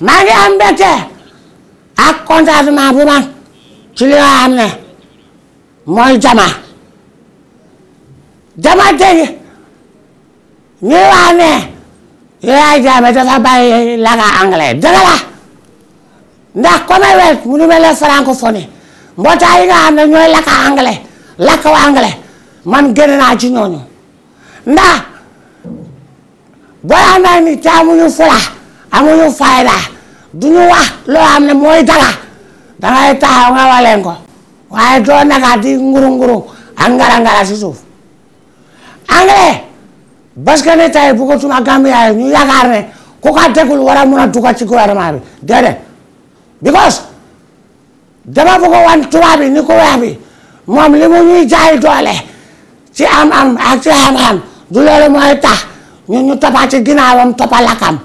maa ngi am mbégte ak contentement bu man ci li nga xam ne mooy jama jama dégg ñuy wax ne Yaya Jammeh dafa bàyyi langa anglais dëgg la ndax Commonwealth mu nu mel ne francophonie mbootaay yi nga xam ne ñooy lakka anglais lakkaw anglais man génn naa ci ñooñu ndax boo xam ne ni taamuñu fula amuñu fayda duñu wax loo xam ne mooy dara dangay taxaw nga waleen ko waaye doo naka di nguru nguru ak ngara ngara si suuf anglais parce que ne tey bëggatuma Gambia ñu yaakaar ne ku ka tegul war a mun a dugal ci gouvernement bi déedéet because dama bëgg wan tubaab ni ko weex moom li mu ñuy jaay doole ci am am ak ci xam-xam du loolu mooy tax ñun ñu toppa ci ginnaawam toppa lakam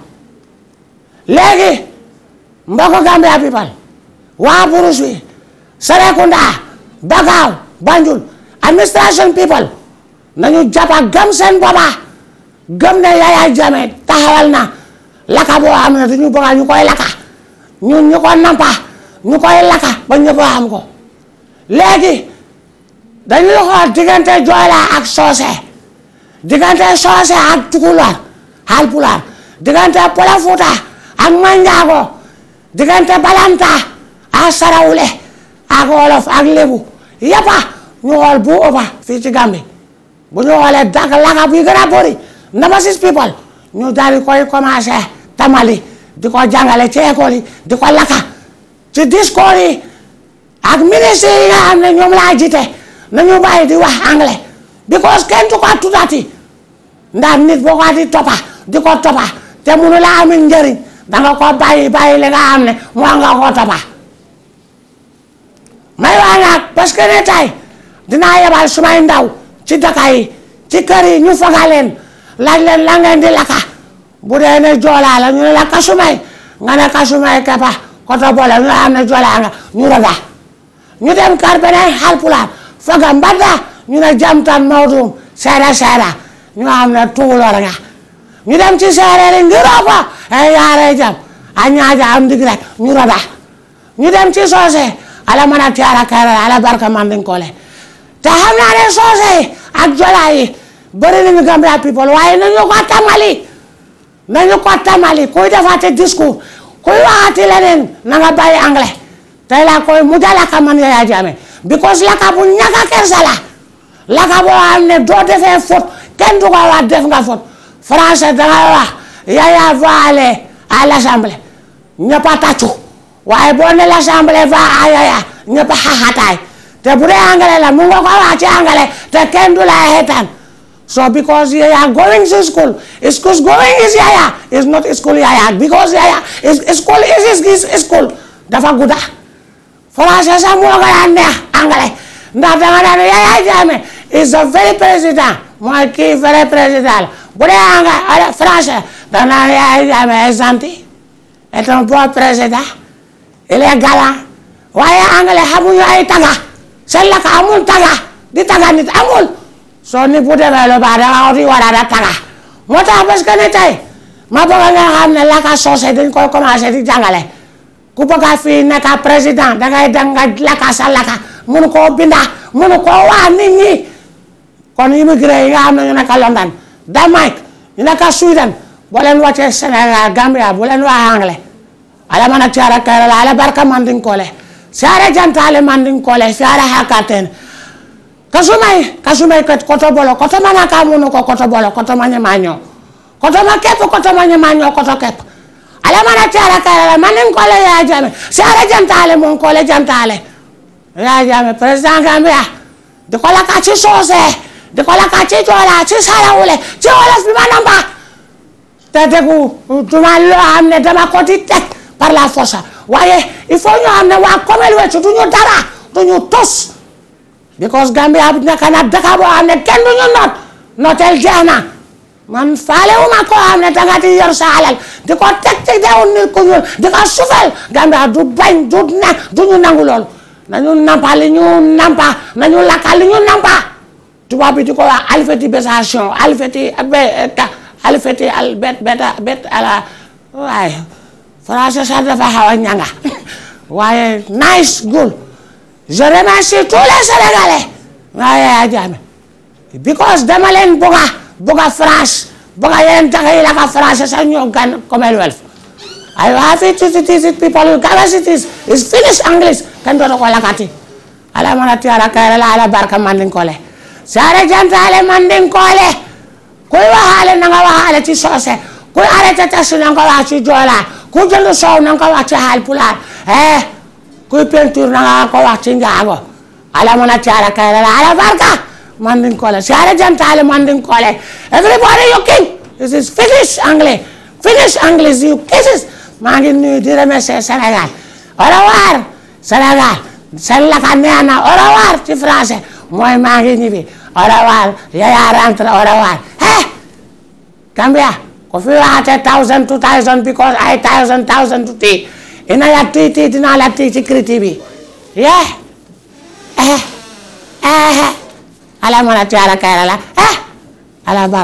léegi mbokk Gambia people waa Buruus wi Serekunda Bakau Banjul administration people nañu jàppa gëm seen boba gëm ne Yaya Jammeh taxawal na laka boo xam ne duñu bëgg ñu koy laka ñun ñu ko nampa ñu koy laka ba ñëpp am ko léegi dañuy xool diggante Joola ak Soose diggante Soose ak Tukulóor Haalpulaar diggante Pël ak manjaago diggante balanta ak sarawule ak wolof ak lébu yëppa ñu xool bu ëppa fii ci Gambie bu ñu xoolee dak laka bi gën a bëri people ñu daal koy commencé tamali di ko jàngale ci école yi di ko laka ci discours ak ministre yi nga ne ñoom laa jiite nañu bàyyi di wax anglais because kenn du ko tuddati nit boo ko toppa di ko toppa te munu laa amin njëriñ danga ko bàyyi bàyyi li nga xam ne war nga ko tabax may waanaat parce que ne tey dinaa yebal sumay ndaw ci daka yi ci kër yi ñu faga leen laaj leen la ngeen di laka bu dee ne joolaa la ñu ne la kasumay nga ne kasumay kepa koto boole ñu am ñu raga ñu dem kër beneen xalpulaar faga ñu am ne tuuloor nga ñu dem ci seereer yi ngiroo yaaree jam a ñaaja am dig rek ñu raba ñu dem ci soose ala man a tiyaara kayra ala barka mandin koole te xam naa ne soose ak jola yi bëri nañu Gambia people waaye nañu ko tamali nañu ko tamali kuy defaati discours kuy waxaati leneen na nga anglais tey laa koy mu da laka man Yaya Jammeh because laka bu ñàkk kersa la laka boo xam ne doo defee faute kenn du ko def nga faute français dangay wax Yaya va aller à l'assemblée ñëpp a tàccu waaye boo ne l'assemblée va à Yaya ñëpp te bu dee la mu ko wax ci te kenn du la xeetaan so because Yaya going school school going is Yaya is not school Yaya because Yaya school is is school dafa gudda français sax moo koy a neex angale ndax danga daan Yaya Jammeh is a very président mooy kii vrai président la bu dee angale euh, ndax naa ne yaay Jammeh est gentil est un bon président il est galant waaye anglais xamuñu ay taga seen la amul taga di taga nit amul soo nit bu demee lu baax dama di war da taga moo tax parce ne tey ma bëgg nga xam ne laka soose dañ koy commencé di jàngale ku bëgg a fii nekka président dangay dem nga laka sa laka mënu ko binda mënu koo waa nit ñi kon immigré yi nga xam ne ñu nekka London Danemark ñu nekka Sweden boo leen wàccee Sénégal Gambia bu waa anglais ala mana caara kayrala ala barka mandin kole siara jantale mandin kole siara hakaten kasumay kasumay ket koto bolo koto mana kamunu ko koto bolo koto manye manyo koto ma kep koto manye manyo koto kep ala mana caara kayrala mandin kole ya jame siara jantale mon kole jantale ya président Gambia di kola ka ci soose di kola ka ci joola ci sarawule ci wolos te tegu duma loo xam ne dama ko di teg par la force waaye il faut ñu xam ne waa Comel West duñu dara duñu tos because Gambia nekk na dëkk boo xam ne kenn duñu noot nootel jeex na man faale wu ma koo ne danga di yor sa alal di ko teg ci deewu nit ku ñuul di ko sufel Gambia du bañ du ne duñu nangu loolu nañu nampa li ñu nampa nañu lakka li ñu nampa tubaab bi di ko wax alphabétisation alphabéti alifeti al bet beta bet ala waaye français sax dafa xaw a ñanga waaye nice goal je remercie tous les sénégalais waaye Yaya Jammeh because dama leen bëgga bëgga France bëgga yeneen dëkk yi la ka ñoo gan Commonwealth I have it it it people will gather it is is English kenn dootu ko lakati ala mana tiara kayra la ala barka mandin kole sare jantale mandin kole kuy waxaale na waxaale ci soose kuy arrêté taxi na wax ci joolaa ku jënd soow na wax ci haalpulaar eh kuy peinture na wax ci njaago ala mën a caara ala barka mandin kole si ala jantaale mandin kole everybody you king this is finish anglais finish anglais you kisses maa ngi nuyu di remercier Sénégal au revoir Sénégal seen laka neex na au revoir ci français mooy maa ngi ñibbi au revoir yaya rentre au revoir Gambia ko fi waxate thousand to thousand because I thousand thousand to tii ina ya tii tii dina la tii ci kriti bi yee eh eh, eh eh ala mana ti ala kayra la eh ala